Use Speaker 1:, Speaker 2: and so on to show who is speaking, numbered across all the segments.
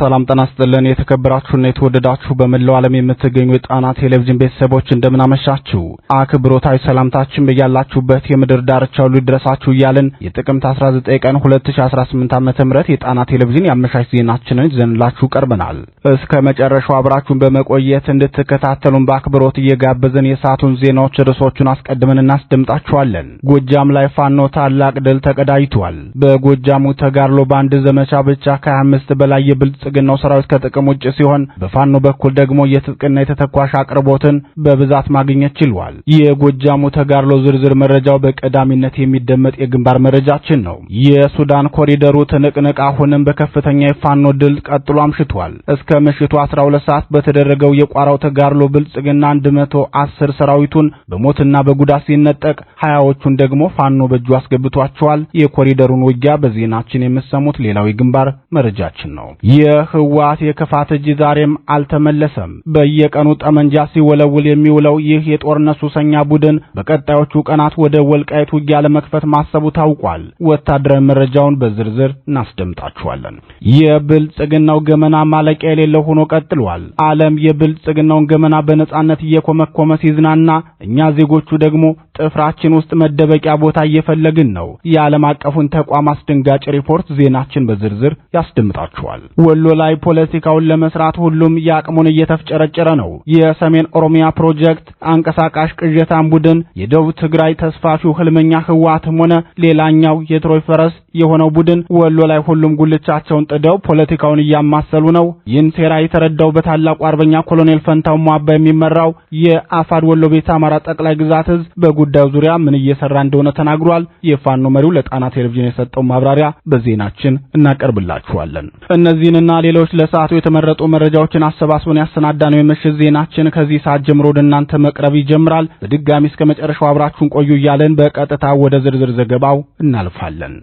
Speaker 1: ሰላም ጤና ይስጥልን። የተከበራችሁና የተወደዳችሁ በመላው ዓለም የምትገኙ የጣና ቴሌቪዥን ቤተሰቦች እንደምናመሻችሁ አክብሮታዊ ሰላምታችን በያላችሁበት የምድር ዳርቻ ሁሉ ይድረሳችሁ እያልን የጥቅምት 19 ቀን 2018 ዓ.ም የጣና ቴሌቪዥን የአመሻሽ ዜናችንን ይዘንላችሁ ቀርበናል። እስከ መጨረሻው አብራችሁን በመቆየት እንድትከታተሉን በአክብሮት እየጋበዝን የሰዓቱን ዜናዎች ርዕሶቹን አስቀድመን እናስደምጣችኋለን። ጎጃም ላይ ፋኖ ታላቅ ድል ተቀዳጅቷል። በጎጃሙ ተጋድሎ በአንድ ዘመቻ ብቻ ከ25 በላይ የብልጽ የብልጽግናው ሰራዊት ከጥቅም ውጭ ሲሆን፣ በፋኖ በኩል ደግሞ የትጥቅና የተተኳሽ አቅርቦትን በብዛት ማግኘት ችሏል። የጎጃሙ ተጋድሎ ዝርዝር መረጃው በቀዳሚነት የሚደመጥ የግንባር መረጃችን ነው። የሱዳን ኮሪደሩ ትንቅንቅ አሁንም በከፍተኛ የፋኖ ድል ቀጥሎ አምሽቷል። እስከ ምሽቱ 12 ሰዓት በተደረገው የቋራው ተጋድሎ ብልጽግና 110 ሰራዊቱን በሞትና በጉዳት ሲነጠቅ ሀያዎቹን ደግሞ ፋኖ በእጁ አስገብቷቸዋል። የኮሪደሩን ውጊያ በዜናችን የምሰሙት ሌላው የግንባር መረጃችን ነው። የህዋት የክፋት እጅ ዛሬም አልተመለሰም። በየቀኑ ጠመንጃ ሲወለውል የሚውለው ይህ የጦርነት ሱሰኛ ቡድን በቀጣዮቹ ቀናት ወደ ወልቃይት ውጊያ ለመክፈት ማሰቡ ታውቋል። ወታደራዊ መረጃውን በዝርዝር እናስደምጣችኋለን። የብልጽግናው ገመና ማለቂያ የሌለው ሆኖ ቀጥሏል። ዓለም የብልጽግናውን ገመና በነጻነት እየኮመኮመ ሲዝናና፣ እኛ ዜጎቹ ደግሞ ጥፍራችን ውስጥ መደበቂያ ቦታ እየፈለግን ነው። የዓለም አቀፉን ተቋም አስደንጋጭ ሪፖርት ዜናችን በዝርዝር ያስደምጣችኋል። በወሎ ላይ ፖለቲካውን ለመስራት ሁሉም የአቅሙን እየተፍጨረጨረ ነው። የሰሜን ኦሮሚያ ፕሮጀክት አንቀሳቃሽ ቅዠታም ቡድን የደቡብ ትግራይ ተስፋፊው ህልመኛ ህወሓትም ሆነ ሌላኛው የትሮይ ፈረስ የሆነው ቡድን ወሎ ላይ ሁሉም ጉልቻቸውን ጥደው ፖለቲካውን እያማሰሉ ነው። ይህን ሴራ የተረዳው በታላቁ አርበኛ ኮሎኔል ፈንታው ሟባ የሚመራው የአፋድ ወሎ ቤተ አማራ ጠቅላይ ግዛት እዝ በጉዳዩ ዙሪያ ምን እየሰራ እንደሆነ ተናግሯል። የፋኖ መሪው ለጣና ቴሌቪዥን የሰጠው ማብራሪያ በዜናችን እናቀርብላችኋለን። እነዚህንና እነዚህንና ሌሎች ለሰዓቱ የተመረጡ መረጃዎችን አሰባስበን ያሰናዳነው የምሽት ዜናችን ከዚህ ሰዓት ጀምሮ ወደ እናንተ መቅረብ ይጀምራል። በድጋሚ እስከ መጨረሻው አብራችሁን ቆዩ እያለን በቀጥታ ወደ ዝርዝር ዘገባው እናልፋለን።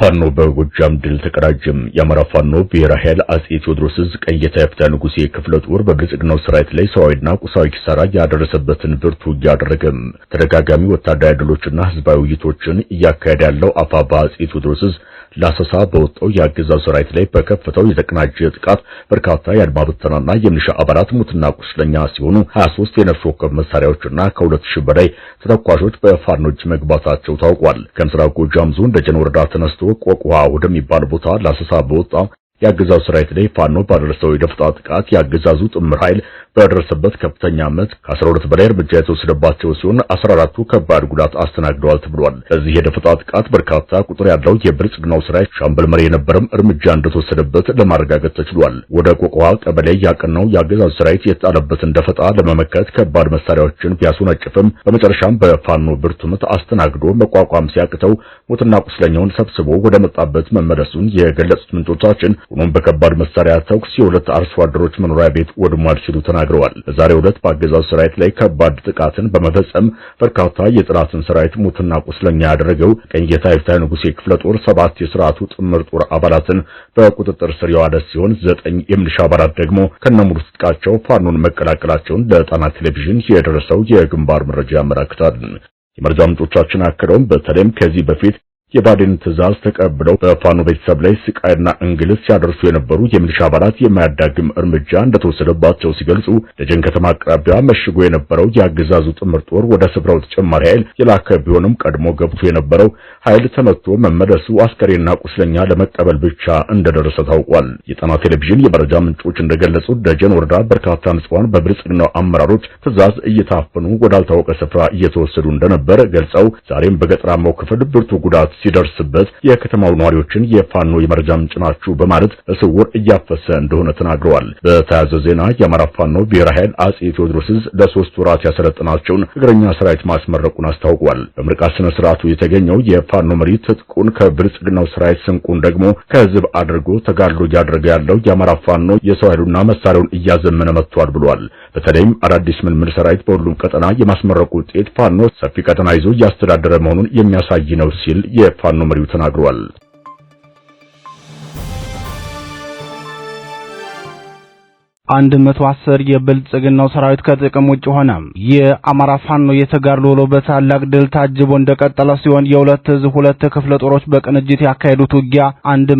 Speaker 2: ፋኖ በጎጃም ድል ተቀዳጀም። የአማራ ፋኖ ብሔራዊ ኃይል አጼ ቴዎድሮስ ዕዝ ቀኝ የተፍታ ንጉሴ ክፍለ ጦር በብልጽግናው ሰራዊት ላይ ሰዋዊና ቁሳዊ ኪሳራ ያደረሰበትን ብርቱ ውጊያ አደረገም። ተደጋጋሚ ወታደራዊ ድሎችና ህዝባዊ ውይይቶችን እያካሄደ ያለው አፋባ አጼ ቴዎድሮስ ዕዝ ለአሰሳ በወጣው የአገዛዙ ሰራዊት ላይ በከፈተው የተቀናጀ ጥቃት በርካታ የአድማ ብተናና የሚሊሻ አባላት ሙትና ቁስለኛ ሲሆኑ 23 የነፍስ ወከፍ መሳሪያዎችና ከ2000 በላይ ተተኳሾች በፋኖች መግባታቸው ታውቋል። ከምስራቅ ጎጃም ዞን ደጀን ወረዳ ተነስቶ ቆቁሃ ወደሚባል ቦታ ለአሰሳ በወጣ የአገዛዙ ሰራዊት ላይ ፋኖ ባደረሰው የደፈጣ ጥቃት የአገዛዙ ጥምር ኃይል በደረሰበት ከፍተኛ ዓመት ከ12 በላይ እርምጃ የተወሰደባቸው ሲሆን 14ቱ ከባድ ጉዳት አስተናግደዋል ተብሏል። በዚህ የደፈጣ ጥቃት በርካታ ቁጥር ያለው የብልጽግናው ሰራዊት ሻምበል መሪ የነበረም እርምጃ እንደተወሰደበት ለማረጋገጥ ተችሏል። ወደ ቆቆዋ ቀበሌ ያቀናው የአገዛዙ ሰራዊት የተጣለበትን ደፈጣ ለመመከት ከባድ መሳሪያዎችን ቢያስወነጭፍም በመጨረሻም በፋኖ ብርቱ ምት አስተናግዶ መቋቋም ሲያቅተው ሞትና ቁስለኛውን ሰብስቦ ወደ መጣበት መመለሱን የገለጹት ምንጮቻችን ሆኖም በከባድ መሳሪያ ተኩስ የሁለት አርሶ አደሮች መኖሪያ ቤት ወድሟል ሲሉ ተናግረዋል። በዛሬው ዕለት በአገዛዙ ሰራዊት ላይ ከባድ ጥቃትን በመፈጸም በርካታ የጥላትን ሰራዊት ሙትና ቁስለኛ ያደረገው ቀኝ ጌታ ይፍታ ንጉሴ ክፍለ ጦር ሰባት የስርዓቱ ጥምር ጦር አባላትን በቁጥጥር ስር የዋለ ሲሆን ዘጠኝ የምልሻ አባላት ደግሞ ከነሙሉ ትጥቃቸው ፋኖን መቀላቀላቸውን ለጣና ቴሌቪዥን የደረሰው የግንባር መረጃ ያመላክታል። የመረጃ ምንጮቻችን አክለውም በተለይም ከዚህ በፊት የባዴን ትዕዛዝ ተቀብለው በፋኖ ቤተሰብ ላይ ስቃይና እንግልት ሲያደርሱ የነበሩ የሚሊሻ አባላት የማያዳግም እርምጃ እንደተወሰደባቸው ሲገልጹ ደጀን ከተማ አቅራቢያ መሽጎ የነበረው የአገዛዙ ጥምር ጦር ወደ ስፍራው ተጨማሪ ኃይል የላከ ቢሆንም ቀድሞ ገብቶ የነበረው ኃይል ተመቶ መመለሱ አስከሬና ቁስለኛ ለመቀበል ብቻ እንደደረሰ ታውቋል። የጣና ቴሌቪዥን የመረጃ ምንጮች እንደገለጹት ደጀን ወረዳ በርካታ ንጹሃን በብልጽግናው አመራሮች ትዕዛዝ እየታፈኑ ወዳልታወቀ ስፍራ እየተወሰዱ እንደነበር ገልጸው ዛሬም በገጠራማው ክፍል ብርቱ ጉዳት ሲደርስበት የከተማው ነዋሪዎችን የፋኖ የመረጃ ምንጭ ናችሁ በማለት በስውር እያፈሰ እንደሆነ ተናግረዋል። በተያያዘ ዜና የአማራ ፋኖ ብሔራዊ ኃይል አጼ ቴዎድሮስ ለሶስት ወራት ያሰለጠናቸውን እግረኛ ሰራዊት ማስመረቁን አስታውቋል። በምርቃ ስነ ስርዓቱ የተገኘው የፋኖ መሪ ትጥቁን ከብልጽግናው ሰራዊት ስንቁን ደግሞ ከህዝብ አድርጎ ተጋድሎ እያደረገ ያለው የአማራ ፋኖ የሰው ኃይሉና መሳሪያውን እያዘመነ መጥቷል ብሏል። በተለይም አዳዲስ ምልምል ሰራዊት በሁሉም ቀጠና የማስመረቁ ውጤት ፋኖ ሰፊ ቀጠና ይዞ እያስተዳደረ መሆኑን የሚያሳይ ነው ሲል የፋኖ መሪው ተናግሯል።
Speaker 1: 110 የብልጽግናው ሰራዊት ከጥቅም ውጭ ሆነ። የአማራ ፋኖ የተጋድሎ ውሎ በታላቅ ድል ታጅቦ እንደቀጠለ ሲሆን የሁለት እዝ ሁለት ክፍለ ጦሮች በቅንጅት ያካሄዱት ውጊያ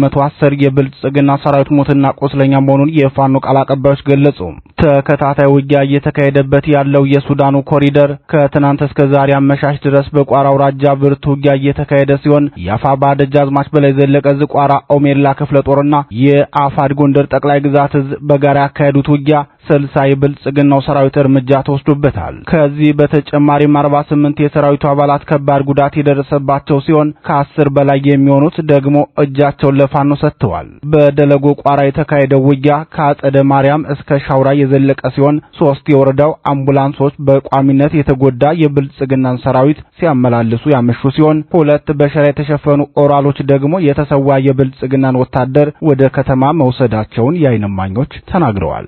Speaker 1: 110 የብልጽግና ሰራዊት ሞትና ቆስለኛ መሆኑን የፋኖ ቃል አቀባዮች ገለጹ። ተከታታይ ውጊያ እየተካሄደበት ያለው የሱዳኑ ኮሪደር ከትናንት እስከ ዛሬ አመሻሽ ድረስ በቋራ አውራጃ ብርቱ ውጊያ እየተካሄደ ሲሆን የአፋ ባደጃ አዝማች በላይ ዘለቀ ዕዝ ቋራ ኦሜላ ክፍለ ጦርና የአፋድ ጎንደር ጠቅላይ ግዛት ዕዝ በጋራ ያካሄዱ በሚያደርጉት ውጊያ ስልሳ የብልጽግናው ሰራዊት እርምጃ ተወስዶበታል። ከዚህ በተጨማሪም አርባ ስምንት የሰራዊቱ አባላት ከባድ ጉዳት የደረሰባቸው ሲሆን ከአስር በላይ የሚሆኑት ደግሞ እጃቸውን ለፋኖ ሰጥተዋል። በደለጎ ቋራ የተካሄደው ውጊያ ከአጸደ ማርያም እስከ ሻውራ የዘለቀ ሲሆን ሶስት የወረዳው አምቡላንሶች በቋሚነት የተጎዳ የብልጽግናን ሰራዊት ሲያመላልሱ ያመሹ ሲሆን ሁለት በሸራ የተሸፈኑ ኦራሎች ደግሞ የተሰዋ የብልጽግናን ወታደር ወደ ከተማ መውሰዳቸውን የአይንማኞች ተናግረዋል።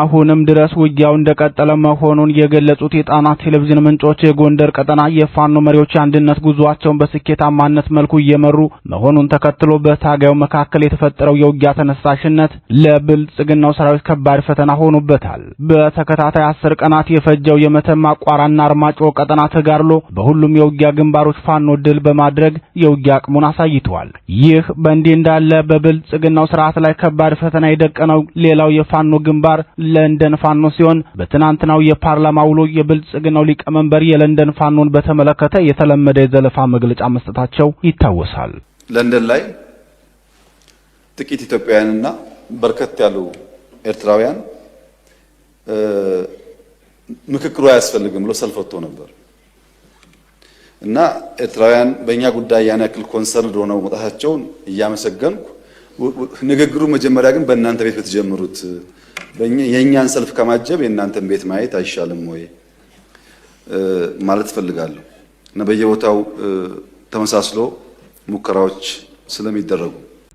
Speaker 1: አሁንም ድረስ ውጊያው እንደቀጠለ መሆኑን የገለጹት የጣና ቴሌቪዥን ምንጮች የጎንደር ቀጠና የፋኖ መሪዎች የአንድነት ጉዟቸውን በስኬታማነት መልኩ እየመሩ መሆኑን ተከትሎ በታጋዩ መካከል የተፈጠረው የውጊያ ተነሳሽነት ለብልጽግናው ሰራዊት ከባድ ፈተና ሆኖበታል። በተከታታይ አስር ቀናት የፈጀው የመተማ ቋራና አርማጭሆ ቀጠና ተጋድሎ በሁሉም የውጊያ ግንባሮች ፋኖ ድል በማድረግ የውጊያ አቅሙን አሳይቷል። ይህ በእንዲህ እንዳለ በብልጽግናው ስርዓት ላይ ከባድ ፈተና የደቀነው ሌላው የፋኖ ግንባር ለንደን ፋኖ ሲሆን በትናንትናው የፓርላማ ውሎ የብልጽግናው ሊቀመንበር የለንደን ፋኖን በተመለከተ የተለመደ የዘለፋ መግለጫ መስጠታቸው ይታወሳል።
Speaker 3: ለንደን ላይ ጥቂት ኢትዮጵያውያንና በርከት ያሉ ኤርትራውያን ምክክሩ አያስፈልግም ብሎ ሰልፍ ወጥቶ ነበር እና ኤርትራውያን በእኛ ጉዳይ ያን ያክል ኮንሰርን ሆነው መውጣታቸውን እያመሰገንኩ ንግግሩ መጀመሪያ ግን በእናንተ ቤት በተጀመሩት የእኛን ሰልፍ ከማጀብ የእናንተን ቤት ማየት አይሻልም ወይ ማለት እፈልጋለሁ እና በየቦታው ተመሳስሎ ሙከራዎች ስለሚደረጉ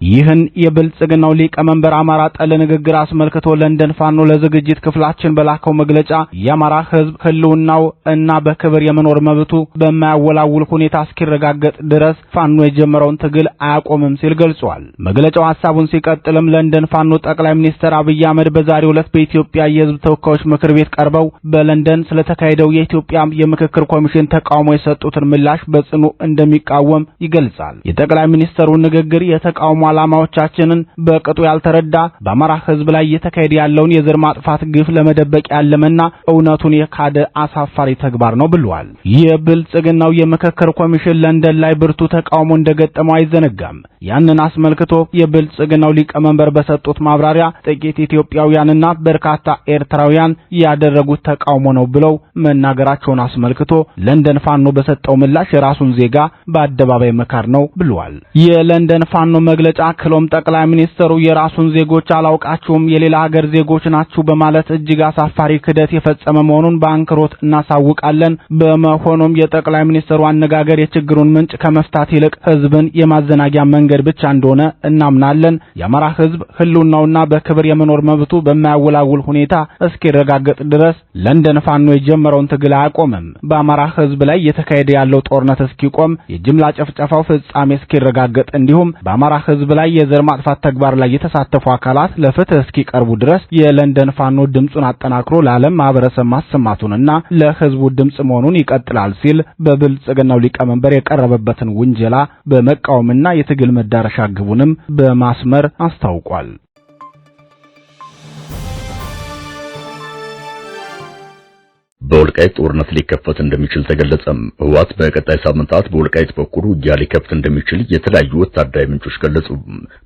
Speaker 1: ይህን የብልጽግናው ሊቀመንበር አማራ ጠል ንግግር አስመልክቶ ለንደን ፋኖ ለዝግጅት ክፍላችን በላከው መግለጫ የአማራ ሕዝብ ህልውናው እና በክብር የመኖር መብቱ በማያወላውል ሁኔታ እስኪረጋገጥ ድረስ ፋኖ የጀመረውን ትግል አያቆምም ሲል ገልጿል። መግለጫው ሀሳቡን ሲቀጥልም ለንደን ፋኖ ጠቅላይ ሚኒስትር አብይ አህመድ በዛሬው ዕለት በኢትዮጵያ የህዝብ ተወካዮች ምክር ቤት ቀርበው በለንደን ስለተካሄደው የኢትዮጵያ የምክክር ኮሚሽን ተቃውሞ የሰጡትን ምላሽ በጽኑ እንደሚቃወም ይገልጻል። የጠቅላይ ሚኒስትሩ ንግግር የተቃውሞ ዓላማዎቻችንን በቅጡ ያልተረዳ በአማራ ህዝብ ላይ እየተካሄደ ያለውን የዘር ማጥፋት ግፍ ለመደበቅ ያለመና እውነቱን የካደ አሳፋሪ ተግባር ነው ብለዋል። የብልጽግናው የምክክር ኮሚሽን ለንደን ላይ ብርቱ ተቃውሞ እንደገጠመው አይዘነጋም። ያንን አስመልክቶ የብልጽግናው ሊቀመንበር በሰጡት ማብራሪያ ጥቂት ኢትዮጵያውያንና በርካታ ኤርትራውያን ያደረጉት ተቃውሞ ነው ብለው መናገራቸውን አስመልክቶ ለንደን ፋኖ በሰጠው ምላሽ የራሱን ዜጋ በአደባባይ መካር ነው ብለዋል። የለንደን ፋኖ መግለጫ አክለውም ጠቅላይ ሚኒስትሩ የራሱን ዜጎች አላውቃችሁም የሌላ ሀገር ዜጎች ናችሁ በማለት እጅግ አሳፋሪ ክደት የፈጸመ መሆኑን በአንክሮት እናሳውቃለን። በመሆኑም የጠቅላይ ሚኒስትሩ አነጋገር የችግሩን ምንጭ ከመፍታት ይልቅ ህዝብን የማዘናጊያ መንገድ ብቻ እንደሆነ እናምናለን። የአማራ ህዝብ ህልውናውና በክብር የመኖር መብቱ በማያወላውል ሁኔታ እስኪረጋገጥ ድረስ ለንደን ፋኖ የጀመረውን ትግል አያቆምም። በአማራ ህዝብ ላይ እየተካሄደ ያለው ጦርነት እስኪቆም፣ የጅምላ ጨፍጨፋው ፍጻሜ እስኪረጋገጥ እንዲሁም በአማራ ህዝብ በላይ የዘር ማጥፋት ተግባር ላይ የተሳተፉ አካላት ለፍትህ እስኪቀርቡ ድረስ የለንደን ፋኖ ድምፁን አጠናክሮ ለዓለም ማህበረሰብ ማሰማቱንና ለህዝቡ ድምፅ መሆኑን ይቀጥላል ሲል በብልጽግናው ሊቀመንበር የቀረበበትን ውንጀላ በመቃወምና የትግል መዳረሻ ግቡንም በማስመር አስታውቋል።
Speaker 2: በወልቃይት ጦርነት ሊከፈት እንደሚችል ተገለጸም። ህወሓት በቀጣይ ሳምንታት በወልቃይት በኩል ውጊያ ሊከፍት እንደሚችል የተለያዩ ወታደራዊ ምንጮች ገለጹ።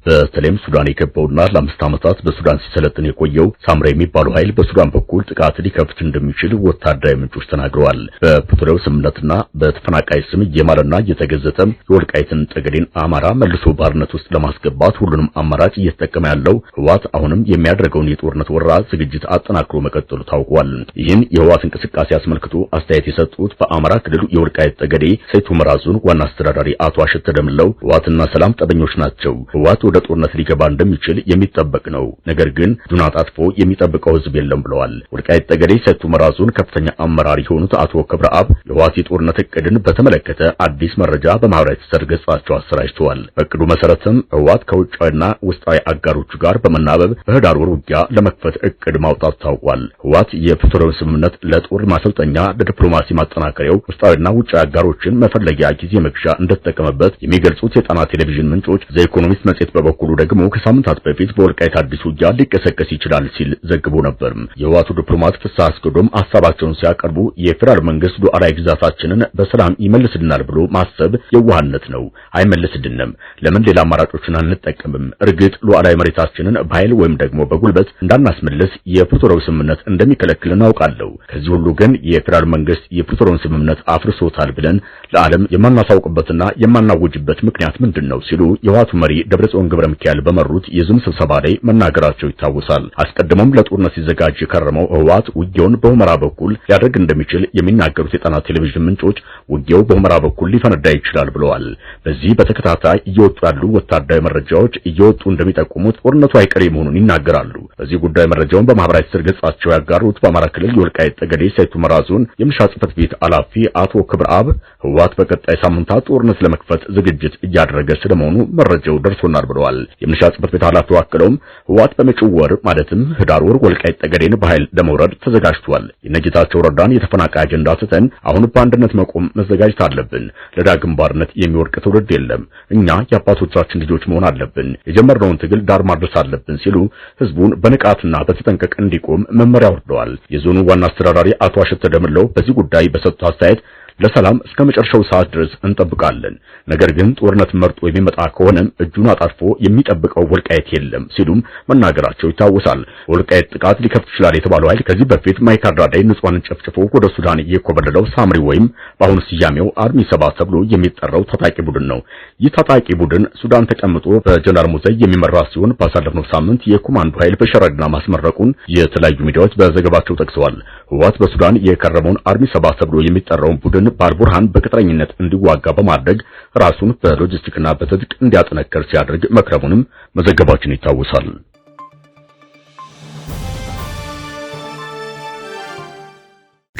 Speaker 2: በተለይም ሱዳን የገባውና ለአምስት ዓመታት በሱዳን ሲሰለጥን የቆየው ሳምራ የሚባለው ኃይል በሱዳን በኩል ጥቃት ሊከፍት እንደሚችል ወታደራዊ ምንጮች ተናግረዋል። በፕሪቶሪያው ስምምነትና በተፈናቃይ ስም እየማለና እየተገዘተም የወልቃይትን ጠገዴን አማራ መልሶ ባርነት ውስጥ ለማስገባት ሁሉንም አማራጭ እየተጠቀመ ያለው ህወሓት አሁንም የሚያደርገውን የጦርነት ወረራ ዝግጅት አጠናክሮ መቀጠሉ ታውቋል። ይህን የህወሓት እንቅስቃሴ አስመልክቶ አስተያየት የሰጡት በአማራ ክልል የወልቃይት ጠገዴ ሰይቱ ሁመራ ዞን ዋና አስተዳዳሪ አቶ አሸተ ደምለው ህወሓትና ሰላም ጠበኞች ናቸው። ህወሓት ወደ ጦርነት ሊገባ እንደሚችል የሚጠበቅ ነው። ነገር ግን ዱና አጣጥፎ የሚጠብቀው ህዝብ የለም ብለዋል። ወልቃይት ጠገዴ ሰይቱ ሁመራ ዞን ከፍተኛ አመራር የሆኑት አቶ አብ የህወሓት የጦርነት እቅድን በተመለከተ አዲስ መረጃ በማህበራዊ ትስስር ገጻቸው አሰራጅተዋል። በእቅዱ መሰረትም ህወሓት ከውጫዊና ውስጣዊ አጋሮቹ ጋር በመናበብ በህዳር ወር ውጊያ ለመክፈት እቅድ ማውጣት ታውቋል። ህወሓት የፕሪቶሪያውን ስምምነት ለ ጥቁር ማሰልጠኛ ለዲፕሎማሲ ማጠናከሪያው ውስጣዊና ውጭ አጋሮችን መፈለጊያ ጊዜ መግዣ እንደተጠቀመበት የሚገልጹት የጣና ቴሌቪዥን ምንጮች ዘኢኮኖሚስት ኢኮኖሚስት መጽሔት በበኩሉ ደግሞ ከሳምንታት በፊት በወልቃይት አዲስ ውጊያ ሊቀሰቀስ ይችላል ሲል ዘግቦ ነበር። የህዋቱ ዲፕሎማት ፍስሐ አስገዶም ሀሳባቸውን ሲያቀርቡ የፌዴራል መንግስት ሉዓላዊ ግዛታችንን በሰላም ይመልስልናል ብሎ ማሰብ የዋህነት ነው፣ አይመልስልንም። ለምን ሌላ አማራጮችን አንጠቀምም? እርግጥ ሉዓላዊ መሬታችንን በኃይል ወይም ደግሞ በጉልበት እንዳናስመልስ የፕሪቶሪያው ስምምነት እንደሚከለክል እናውቃለሁ። ከዚህ ሁሉ ሁሉ ግን የፌደራል መንግስት የፕሪቶሪያን ስምምነት አፍርሶታል ብለን ለዓለም የማናሳውቅበትና የማናውጅበት ምክንያት ምንድን ነው ሲሉ የህወሓቱ መሪ ደብረጽዮን ገብረ ሚካኤል በመሩት የዙም ስብሰባ ላይ መናገራቸው ይታወሳል። አስቀድሞም ለጦርነት ሲዘጋጅ የከረመው ህወሓት ውጊያውን በሁመራ በኩል ሊያደርግ እንደሚችል የሚናገሩት የጣና ቴሌቪዥን ምንጮች ውጊያው በሁመራ በኩል ሊፈነዳ ይችላል ብለዋል። በዚህ በተከታታይ እየወጡ ያሉ ወታደራዊ መረጃዎች እየወጡ እንደሚጠቁሙት ጦርነቱ አይቀሬ መሆኑን ይናገራሉ። በዚህ ጉዳይ መረጃውን በማህበራዊ ትስስር ገጻቸው ያጋሩት በአማራ ክልል የወልቃይት ጠገዴ ሴቱ መራዙን የምልሻ ጽህፈት ቤት ኃላፊ አቶ ክብር አብ ህወሓት በቀጣይ ሳምንታት ጦርነት ለመክፈት ዝግጅት እያደረገ ስለመሆኑ መረጃው ደርሶናል ብለዋል። የምልሻ ቤት ኃላፊው አክለውም ህወሓት በመጪው ወር ማለትም ህዳር ወር ወልቃይት ጠገዴን በኃይል ለመውረድ ተዘጋጅቷል። የነጌታቸው ረዳን የተፈናቃይ አጀንዳ ትተን አሁን በአንድነት መቆም መዘጋጀት አለብን። ለዳግም ባርነት የሚወርቅ ትውልድ የለም። እኛ የአባቶቻችን ልጆች መሆን አለብን። የጀመርነውን ትግል ዳር ማድረስ አለብን ሲሉ ህዝቡን በንቃትና በተጠንቀቅ እንዲቆም መመሪያ ወርደዋል። የዞኑ ዋና አስተዳዳሪ አቶ አሸተ ደምለው በዚህ ጉዳይ በሰጡት አስተያየት ለሰላም እስከ መጨረሻው ሰዓት ድረስ እንጠብቃለን። ነገር ግን ጦርነት መርጦ የሚመጣ ከሆነ እጁን አጣጥፎ የሚጠብቀው ወልቃየት የለም ሲሉም መናገራቸው ይታወሳል። ወልቃየት ጥቃት ሊከፍት ይችላል የተባለው ኃይል ከዚህ በፊት ማይካድራ ላይ ንጹሃንን ጨፍጭፎ ወደ ሱዳን እየኮበለለው ሳምሪ ወይም በአሁኑ ስያሜው አርሚ ሰባ ተብሎ የሚጠራው ታጣቂ ቡድን ነው። ይህ ታጣቂ ቡድን ሱዳን ተቀምጦ በጀነራል ሙዘይ የሚመራ ሲሆን ባሳለፍነው ሳምንት የኮማንዶ ኃይል በሸረግና ማስመረቁን የተለያዩ ሚዲያዎች በዘገባቸው ጠቅሰዋል። ህወሓት በሱዳን የከረመውን አርሚ ሰባ ተብሎ የሚጠራውን ቡድን ቡድን ባርቡርሃን በቅጥረኝነት እንዲዋጋ በማድረግ ራሱን በሎጂስቲክና በትጥቅ እንዲያጠነክር ሲያደርግ መክረሙንም መዘገባችን ይታወሳል።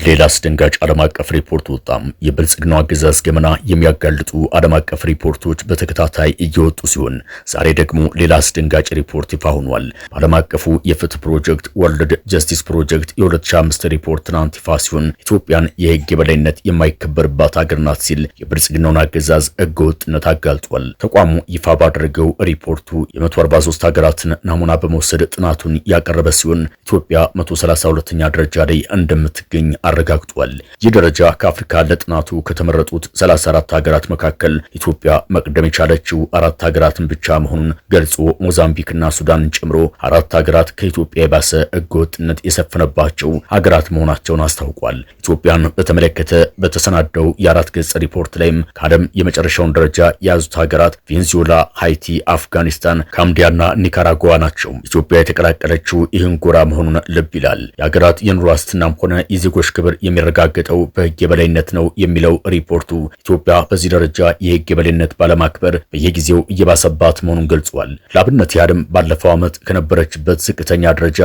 Speaker 2: ሌላ አስደንጋጭ ዓለም አቀፍ ሪፖርት ወጣም። የብልጽግናው አገዛዝ ገመና የሚያጋልጡ ዓለም አቀፍ ሪፖርቶች በተከታታይ እየወጡ ሲሆን ዛሬ ደግሞ ሌላ አስደንጋጭ ሪፖርት ይፋ ሆኗል። በዓለም አቀፉ የፍትህ ፕሮጀክት ወርልድ ጀስቲስ ፕሮጀክት የ2005 ሪፖርት ትናንት ይፋ ሲሆን ኢትዮጵያን የህግ የበላይነት የማይከበርባት አገር ናት ሲል የብልጽግናውን አገዛዝ ህገወጥነት አጋልጧል። ተቋሙ ይፋ ባደረገው ሪፖርቱ የ143 ሀገራትን ናሙና በመውሰድ ጥናቱን ያቀረበ ሲሆን ኢትዮጵያ 132ኛ ደረጃ ላይ እንደምትገኝ አረጋግጧል። ይህ ደረጃ ከአፍሪካ ለጥናቱ ከተመረጡት 34 ሀገራት መካከል ኢትዮጵያ መቅደም የቻለችው አራት ሀገራትን ብቻ መሆኑን ገልጾ ሞዛምቢክና ሱዳንን ጨምሮ አራት ሀገራት ከኢትዮጵያ የባሰ ህገወጥነት የሰፈነባቸው ሀገራት መሆናቸውን አስታውቋል። ኢትዮጵያን በተመለከተ በተሰናደው የአራት ገጽ ሪፖርት ላይም ከዓለም የመጨረሻውን ደረጃ የያዙት ሀገራት ቬንዙዌላ፣ ሃይቲ፣ አፍጋኒስታን፣ ካምቢያና ኒካራጓ ናቸው። ኢትዮጵያ የተቀላቀለችው ይህን ጎራ መሆኑን ልብ ይላል። የሀገራት የኑሮ ዋስትናም ሆነ የዜጎች ክብር የሚረጋገጠው በህግ የበላይነት ነው የሚለው ሪፖርቱ ኢትዮጵያ በዚህ ደረጃ የህግ የበላይነት ባለማክበር በየጊዜው እየባሰባት መሆኑን ገልጿል። ለአብነት ያህልም ባለፈው ዓመት ከነበረችበት ዝቅተኛ ደረጃ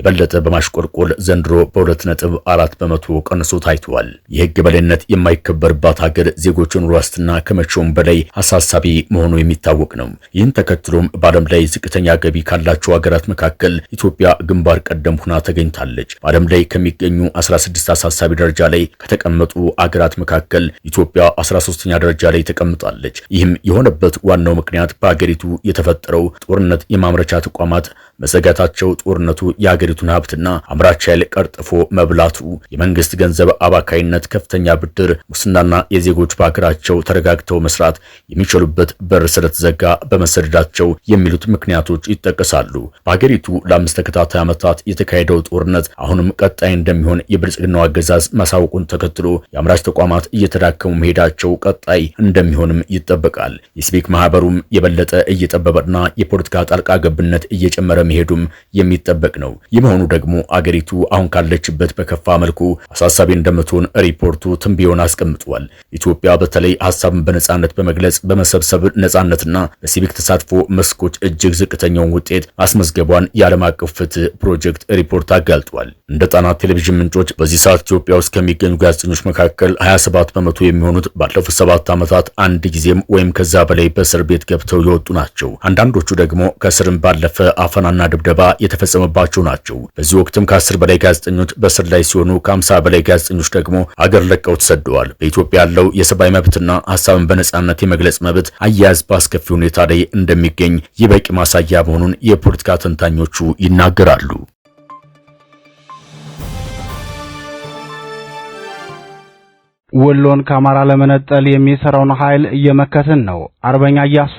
Speaker 2: የበለጠ በማሽቆልቆል ዘንድሮ በሁለት ነጥብ አራት በመቶ ቀንሶ ታይቷል። የህግ የበላይነት የማይከበርባት ሀገር ዜጎች ኑሮ ዋስትና ከመቼውም በላይ አሳሳቢ መሆኑ የሚታወቅ ነው። ይህን ተከትሎም በዓለም ላይ ዝቅተኛ ገቢ ካላቸው ሀገራት መካከል ኢትዮጵያ ግንባር ቀደም ሁና ተገኝታለች። በዓለም ላይ ከሚገኙ 16 አሳሳቢ ደረጃ ላይ ከተቀመጡ አገራት መካከል ኢትዮጵያ 13ኛ ደረጃ ላይ ተቀምጣለች። ይህም የሆነበት ዋናው ምክንያት በአገሪቱ የተፈጠረው ጦርነት የማምረቻ ተቋማት መዘጋታቸው ጦርነቱ የሀገሪቱን ሀብትና አምራች ኃይል ቀርጥፎ መብላቱ፣ የመንግስት ገንዘብ አባካይነት፣ ከፍተኛ ብድር፣ ሙስናና የዜጎች በሀገራቸው ተረጋግተው መስራት የሚችሉበት በር ስለተዘጋ በመሰደዳቸው የሚሉት ምክንያቶች ይጠቀሳሉ። በሀገሪቱ ለአምስት ተከታታይ ዓመታት የተካሄደው ጦርነት አሁንም ቀጣይ እንደሚሆን የብልጽግናው አገዛዝ ማሳወቁን ተከትሎ የአምራች ተቋማት እየተዳከሙ መሄዳቸው ቀጣይ እንደሚሆንም ይጠበቃል። የሲቪክ ማህበሩም የበለጠ እየጠበበና የፖለቲካ ጣልቃ ገብነት እየጨመረ መሄዱም የሚጠበቅ ነው። ይህ መሆኑ ደግሞ አገሪቱ አሁን ካለችበት በከፋ መልኩ አሳሳቢ እንደምትሆን ሪፖርቱ ትንቢዮን አስቀምጧል። ኢትዮጵያ በተለይ ሀሳብን በነጻነት በመግለጽ በመሰብሰብ ነጻነትና በሲቪክ ተሳትፎ መስኮች እጅግ ዝቅተኛውን ውጤት አስመዝገቧን የዓለም አቀፍ ፍትህ ፕሮጀክት ሪፖርት አጋልጧል። እንደ ጣና ቴሌቪዥን ምንጮች በዚህ ሰዓት ኢትዮጵያ ውስጥ ከሚገኙ ጋዜጠኞች መካከል 27 በመቶ የሚሆኑት ባለፉት ሰባት ዓመታት አንድ ጊዜም ወይም ከዛ በላይ በእስር ቤት ገብተው የወጡ ናቸው። አንዳንዶቹ ደግሞ ከእስርም ባለፈ አፈና ጭፍጨፋና ድብደባ የተፈጸመባቸው ናቸው። በዚህ ወቅትም ከአስር በላይ ጋዜጠኞች በእስር ላይ ሲሆኑ ከአምሳ በላይ ጋዜጠኞች ደግሞ አገር ለቀው ተሰደዋል። በኢትዮጵያ ያለው የሰብአዊ መብትና ሀሳብን በነጻነት የመግለጽ መብት አያያዝ በአስከፊ ሁኔታ ላይ እንደሚገኝ ይህ በቂ ማሳያ መሆኑን የፖለቲካ ተንታኞቹ ይናገራሉ።
Speaker 1: ወሎን ከአማራ ለመነጠል የሚሰራውን ኃይል እየመከትን ነው። አርበኛ እያሱ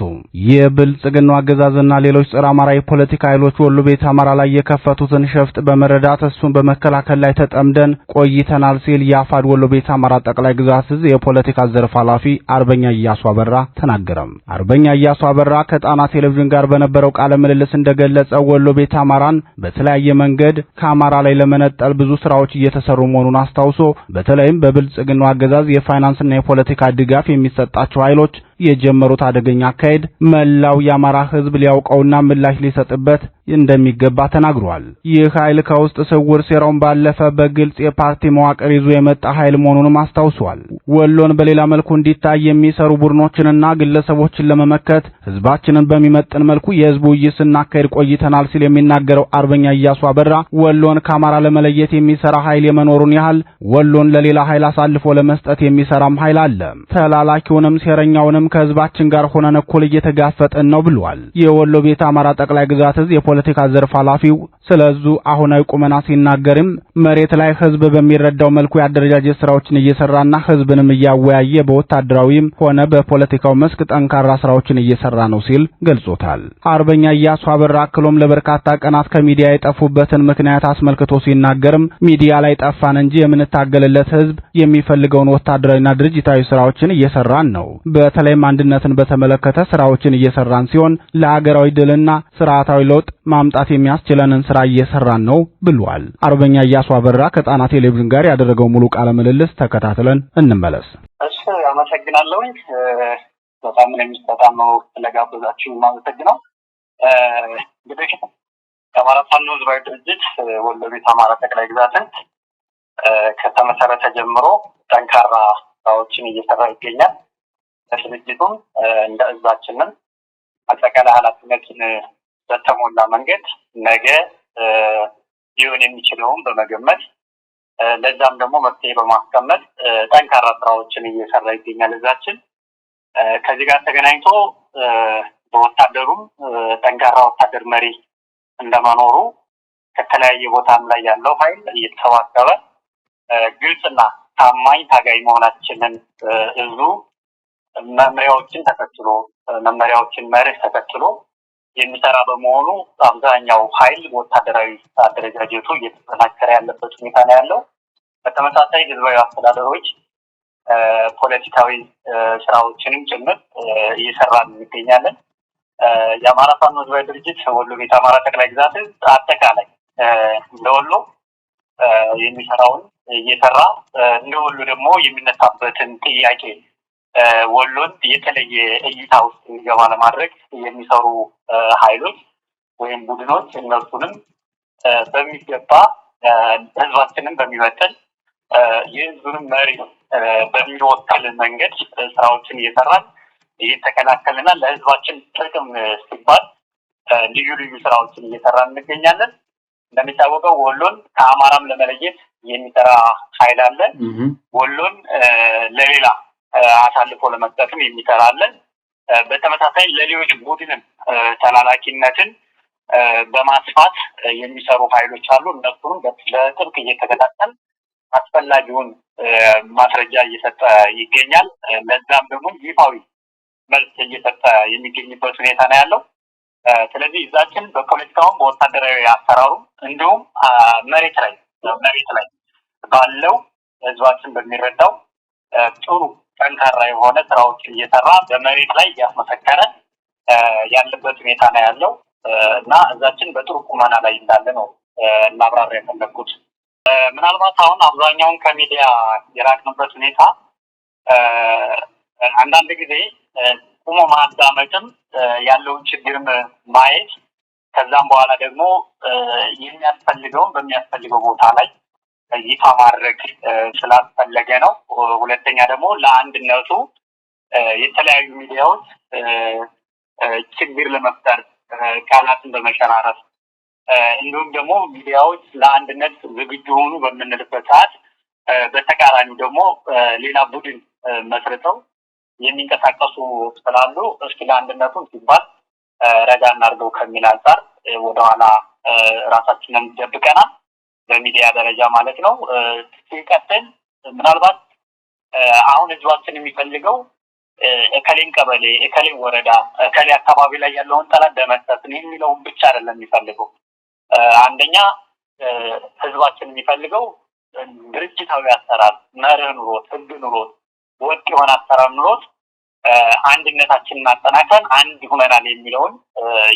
Speaker 1: የብልጽግናው አገዛዝና ሌሎች ጸረ አማራ የፖለቲካ ኃይሎች ወሎ ቤት አማራ ላይ የከፈቱትን ሸፍጥ በመረዳት እሱን በመከላከል ላይ ተጠምደን ቆይተናል ሲል የአፋድ ወሎ ቤት አማራ ጠቅላይ ግዛት እዝ የፖለቲካ ዘርፍ ኃላፊ አርበኛ እያሱ አበራ ተናገረም። አርበኛ እያሱ አበራ ከጣና ቴሌቪዥን ጋር በነበረው ቃለ ምልልስ እንደገለጸው ወሎ ቤት አማራን በተለያየ መንገድ ከአማራ ላይ ለመነጠል ብዙ ስራዎች እየተሰሩ መሆኑን አስታውሶ በተለይም በብልጽግናው አገዛዝ የፋይናንስና የፖለቲካ ድጋፍ የሚሰጣቸው ኃይሎች የጀመሩት አደገኛ አካሄድ መላው የአማራ ሕዝብ ሊያውቀውና ምላሽ ሊሰጥበት እንደሚገባ ተናግሯል። ይህ ኃይል ከውስጥ ስውር ሴራውን ባለፈ በግልጽ የፓርቲ መዋቅር ይዞ የመጣ ኃይል መሆኑንም አስታውሷል። ወሎን በሌላ መልኩ እንዲታይ የሚሰሩ ቡድኖችንና ግለሰቦችን ለመመከት ህዝባችንን በሚመጥን መልኩ የህዝቡ ውይይት ስናካሄድ ቆይተናል ሲል የሚናገረው አርበኛ እያሱ አበራ ወሎን ከአማራ ለመለየት የሚሰራ ኃይል የመኖሩን ያህል ወሎን ለሌላ ኃይል አሳልፎ ለመስጠት የሚሰራም ኃይል አለ። ተላላኪውንም ሴረኛውንም ከህዝባችን ጋር ሆነን እኩል እየተጋፈጥን ነው ብሏል። የወሎ ቤተ አማራ ጠቅላይ ግዛት እዝ የፖለቲካ ዘርፍ ኃላፊው ስለ እዙ አሁናዊ ቁመና ሲናገርም መሬት ላይ ህዝብ በሚረዳው መልኩ የአደረጃጀት ስራዎችን እየሰራና ህዝብንም እያወያየ በወታደራዊም ሆነ በፖለቲካው መስክ ጠንካራ ስራዎችን እየሰራ ነው ሲል ገልጾታል። አርበኛ እያሱ አበራ አክሎም ለበርካታ ቀናት ከሚዲያ የጠፉበትን ምክንያት አስመልክቶ ሲናገርም ሚዲያ ላይ ጠፋን እንጂ የምንታገልለት ህዝብ የሚፈልገውን ወታደራዊና ድርጅታዊ ስራዎችን እየሰራን ነው። በተለይ በተለይም አንድነትን በተመለከተ ስራዎችን እየሰራን ሲሆን ለሀገራዊ ድልና ስርዓታዊ ለውጥ ማምጣት የሚያስችለንን ስራ እየሰራን ነው ብሏል። አርበኛ እያሱ አበራ ከጣና ቴሌቪዥን ጋር ያደረገው ሙሉ ቃለ ምልልስ ተከታትለን እንመለስ።
Speaker 4: እሺ፣ አመሰግናለሁኝ። በጣም ነው በጣም ነው ስለጋበዛችሁ የማመሰግነው። እንግዲህ የአማራ ፋኖ ህዝባዊ ድርጅት ወሎ ቤት አማራ ጠቅላይ ግዛትን ከተመሰረተ ጀምሮ ጠንካራ ስራዎችን እየሰራ ይገኛል። ለድርጅቱም እንደ እዛችንም አጠቃላይ ኃላፊነትን በተሞላ መንገድ ነገ ሊሆን የሚችለውን በመገመት ለዛም ደግሞ መፍትሄ በማስቀመጥ ጠንካራ ስራዎችን እየሰራ ይገኛል። እዛችን ከዚህ ጋር ተገናኝቶ በወታደሩም ጠንካራ ወታደር መሪ እንደመኖሩ ከተለያየ ቦታም ላይ ያለው ኃይል እየተሰባሰበ ግልጽና ታማኝ ታጋይ መሆናችንን እዙ መምሪያዎችን ተከትሎ መመሪያዎችን መርህ ተከትሎ የሚሰራ በመሆኑ አብዛኛው ኃይል ወታደራዊ አደረጃጀቱ እየተጠናከረ ያለበት ሁኔታ ነው ያለው። በተመሳሳይ ህዝባዊ አስተዳደሮች ፖለቲካዊ ስራዎችንም ጭምር እየሰራ እንገኛለን። የአማራ ፋኖ ህዝባዊ ድርጅት ወሎ ቤት አማራ ጠቅላይ ግዛት አጠቃላይ እንደወሎ የሚሰራውን እየሰራ እንደ ወሎ ደግሞ የሚነሳበትን ጥያቄ ወሎን የተለየ እይታ ውስጥ እንዲገባ ለማድረግ የሚሰሩ ኃይሎች ወይም ቡድኖች እነሱንም በሚገባ ህዝባችንን በሚመጥን የህዝቡንም መሪ በሚወክል መንገድ ስራዎችን እየሰራን እየተቀላቀልና ለህዝባችን ጥቅም ሲባል ልዩ ልዩ ስራዎችን እየሰራን እንገኛለን። እንደሚታወቀው ወሎን ከአማራም ለመለየት የሚሰራ ኃይል አለ። ወሎን ለሌላ አሳልፎ ለመስጠትም የሚሰራለን። በተመሳሳይ ለሌሎች ቡድንም ተላላኪነትን በማስፋት የሚሰሩ ኃይሎች አሉ። እነሱንም በጥብቅ እየተከታተል አስፈላጊውን ማስረጃ እየሰጠ ይገኛል። ለዛም ደግሞ ይፋዊ መልስ እየሰጠ የሚገኝበት ሁኔታ ነው ያለው። ስለዚህ እዛችን በፖለቲካውም በወታደራዊ አሰራሩም እንዲሁም መሬት ላይ መሬት ላይ ባለው ህዝባችን በሚረዳው ጥሩ ጠንካራ የሆነ ስራዎችን እየሰራ በመሬት ላይ እያስመሰከረ ያለበት ሁኔታ ነው ያለው እና እዛችን በጥሩ ቁመና ላይ እንዳለ ነው ላብራሪያ የፈለግኩት። ምናልባት አሁን አብዛኛውን ከሚዲያ የራቅንበት ሁኔታ አንዳንድ ጊዜ ቁሞ ማዳመጥም ያለውን ችግርም ማየት ከዛም በኋላ ደግሞ የሚያስፈልገውን በሚያስፈልገው ቦታ ላይ ይፋ ማድረግ ስላስፈለገ ነው። ሁለተኛ ደግሞ ለአንድነቱ የተለያዩ ሚዲያዎች ችግር ለመፍጠር ቃላትን በመሸራረፍ እንዲሁም ደግሞ ሚዲያዎች ለአንድነት ዝግጁ ሆኑ በምንልበት ሰዓት በተቃራኒ ደግሞ ሌላ ቡድን መስርተው የሚንቀሳቀሱ ስላሉ እስኪ ለአንድነቱን ሲባል ረጋ እናድርገው ከሚል አንጻር ወደኋላ ራሳችንን ደብቀናል። በሚዲያ ደረጃ ማለት ነው። ሲቀጥል ምናልባት አሁን ህዝባችን የሚፈልገው እከሌን ቀበሌ፣ እከሌን ወረዳ፣ እከሌ አካባቢ ላይ ያለውን ጠላት በመስጠት የሚለውን ብቻ አይደለም የሚፈልገው። አንደኛ ህዝባችን የሚፈልገው ድርጅታዊ አሰራር መርህ ኑሮት፣ ህግ ኑሮት፣ ወጥ የሆነ አሰራር ኑሮት አንድነታችንን እናጠናከን አንድ ሁመናል የሚለውን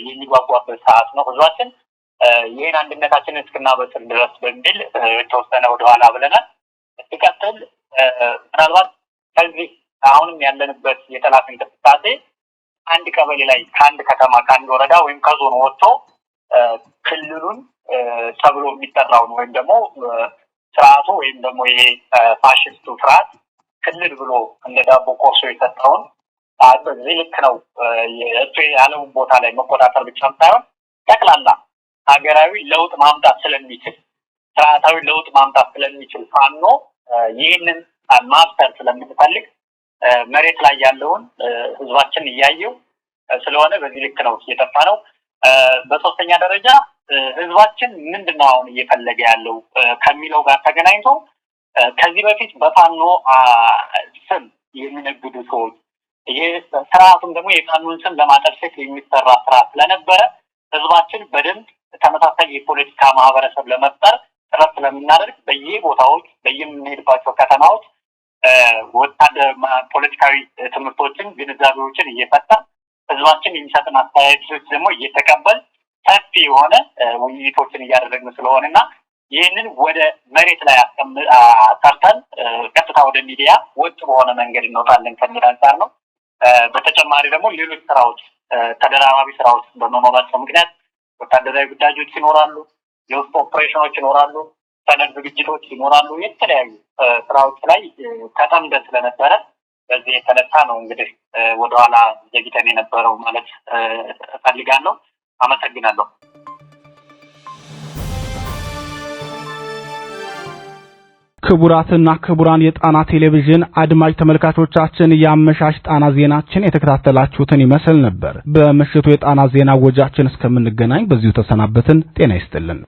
Speaker 4: የሚጓጓበት ሰዓት ነው ህዝባችን። ይህን አንድነታችንን እስክናበስር ድረስ በሚል የተወሰነ ወደኋላ ብለናል። ሲቀጥል ምናልባት ከዚህ አሁንም ያለንበት የጠላት እንቅስቃሴ አንድ ቀበሌ ላይ ከአንድ ከተማ ከአንድ ወረዳ ወይም ከዞን ወጥቶ ክልሉን ተብሎ የሚጠራውን ወይም ደግሞ ስርዓቱ ወይም ደግሞ ይሄ ፋሽስቱ ስርዓት ክልል ብሎ እንደ ዳቦ ቆርሶ የሰጠውን በዚህ ልክ ነው እሱ ያለውን ቦታ ላይ መቆጣጠር ብቻም ሳይሆን ጠቅላላ ሀገራዊ ለውጥ ማምጣት ስለሚችል ስርዓታዊ ለውጥ ማምጣት ስለሚችል ፋኖ ይህንን ማብሰር ስለምትፈልግ መሬት ላይ ያለውን ህዝባችን እያየው ስለሆነ በዚህ ልክ ነው እየጠፋ ነው። በሶስተኛ ደረጃ ህዝባችን ምንድን ነው አሁን እየፈለገ ያለው ከሚለው ጋር ተገናኝቶ ከዚህ በፊት በፋኖ ስም የሚነግዱ ሰዎች ስርአቱም ደግሞ የፋኖን ስም ለማጠርሴት የሚሰራ ስራ ስለነበረ ህዝባችን በደንብ ተመሳሳይ የፖለቲካ ማህበረሰብ ለመፍጠር ጥረት ስለምናደርግ በየቦታዎች በየምንሄድባቸው ከተማዎች ወታደር ፖለቲካዊ ትምህርቶችን፣ ግንዛቤዎችን እየፈጠር ህዝባችን የሚሰጥን አስተያየቶች ደግሞ እየተቀበል ሰፊ የሆነ ውይይቶችን እያደረግን ስለሆነ እና ይህንን ወደ መሬት ላይ አሰርተን ቀጥታ ወደ ሚዲያ ወጥ በሆነ መንገድ እንወጣለን ከሚል አንጻር ነው። በተጨማሪ ደግሞ ሌሎች ስራዎች ተደራባቢ ስራዎች በመኖራቸው ምክንያት ወታደራዊ ግዳጆች ይኖራሉ፣ የውስጥ ኦፕሬሽኖች ይኖራሉ፣ ሰነድ ዝግጅቶች ይኖራሉ። የተለያዩ ስራዎች ላይ ተጠምደን ስለነበረ በዚህ የተነሳ ነው እንግዲህ ወደኋላ ዘግተን የነበረው ማለት እፈልጋለሁ። አመሰግናለሁ።
Speaker 1: ክቡራትና ክቡራን የጣና ቴሌቪዥን አድማጭ ተመልካቾቻችን የአመሻሽ ጣና ዜናችን የተከታተላችሁትን ይመስል ነበር። በምሽቱ የጣና ዜና ወጃችን እስከምንገናኝ በዚሁ ተሰናበትን። ጤና ይስጥልን።